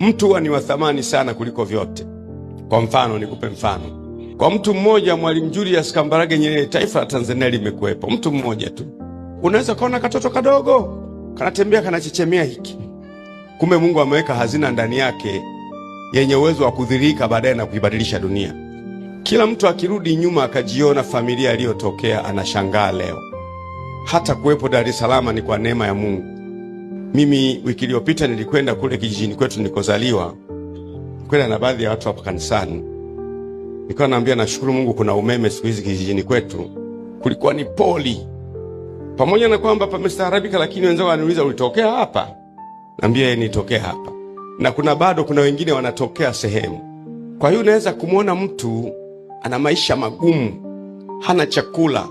Mtu huwa ni wa thamani sana kuliko vyote. Kwa mfano, nikupe mfano. Kwa mtu mmoja Mwalimu Julius Kambarage Nyerere, taifa la Tanzania limekuwepo. Mtu mmoja tu, unaweza kaona katoto kadogo kanatembea kanachechemea hiki, kumbe Mungu ameweka hazina ndani yake yenye uwezo wa kudhirika baadaye na kuibadilisha dunia. Kila mtu akirudi nyuma akajiona familia aliyotokea anashangaa leo. Hata kuwepo Dar es Salaam ni kwa neema ya Mungu. Mimi wiki iliyopita nilikwenda kule kijijini kwetu nilikozaliwa, kwenda na baadhi ya watu hapa kanisani, nikawa naambia nashukuru Mungu kuna umeme siku hizi kijijini kwetu. Kulikuwa ni poli, pamoja na kwamba pamestaarabika, lakini wenzao wananiuliza ulitokea hapa? Naambia yeye eh, nitokea hapa, na kuna bado kuna wengine wanatokea sehemu. Kwa hiyo unaweza kumwona mtu ana maisha magumu, hana chakula,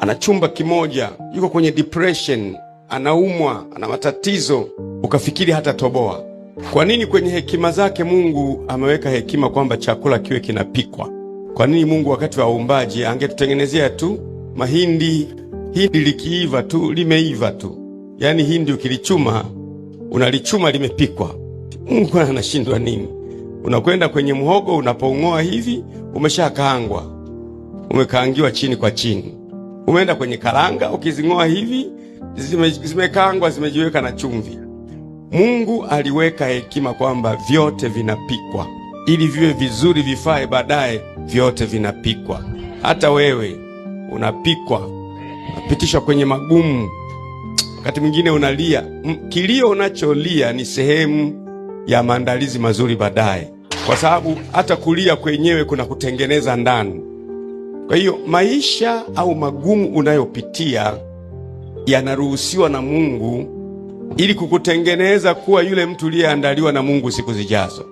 ana chumba kimoja, yuko kwenye depression anaumwa, ana matatizo, ukafikiri hata toboa. Kwa nini kwenye hekima zake Mungu ameweka hekima kwamba chakula kiwe kinapikwa? Kwa nini Mungu wakati wa uumbaji angetutengenezea tu mahindi? Hindi likiiva tu limeiva tu, yaani hindi ukilichuma unalichuma limepikwa. Mungu anashindwa nini? Unakwenda kwenye muhogo, unapoung'oa hivi, umeshakaangwa, umekaangiwa chini kwa chini. Umeenda kwenye karanga, ukizing'oa hivi zimekangwa zime zimejiweka na chumvi. Mungu aliweka hekima kwamba vyote vinapikwa ili viwe vizuri, vifae baadaye. Vyote vinapikwa, hata wewe unapikwa, unapitishwa kwenye magumu. Wakati mwingine unalia, kilio unacholia ni sehemu ya maandalizi mazuri baadaye, kwa sababu hata kulia kwenyewe kuna kutengeneza ndani. Kwa hiyo maisha au magumu unayopitia yanaruhusiwa na Mungu ili kukutengeneza kuwa yule mtu uliyeandaliwa na Mungu siku zijazo.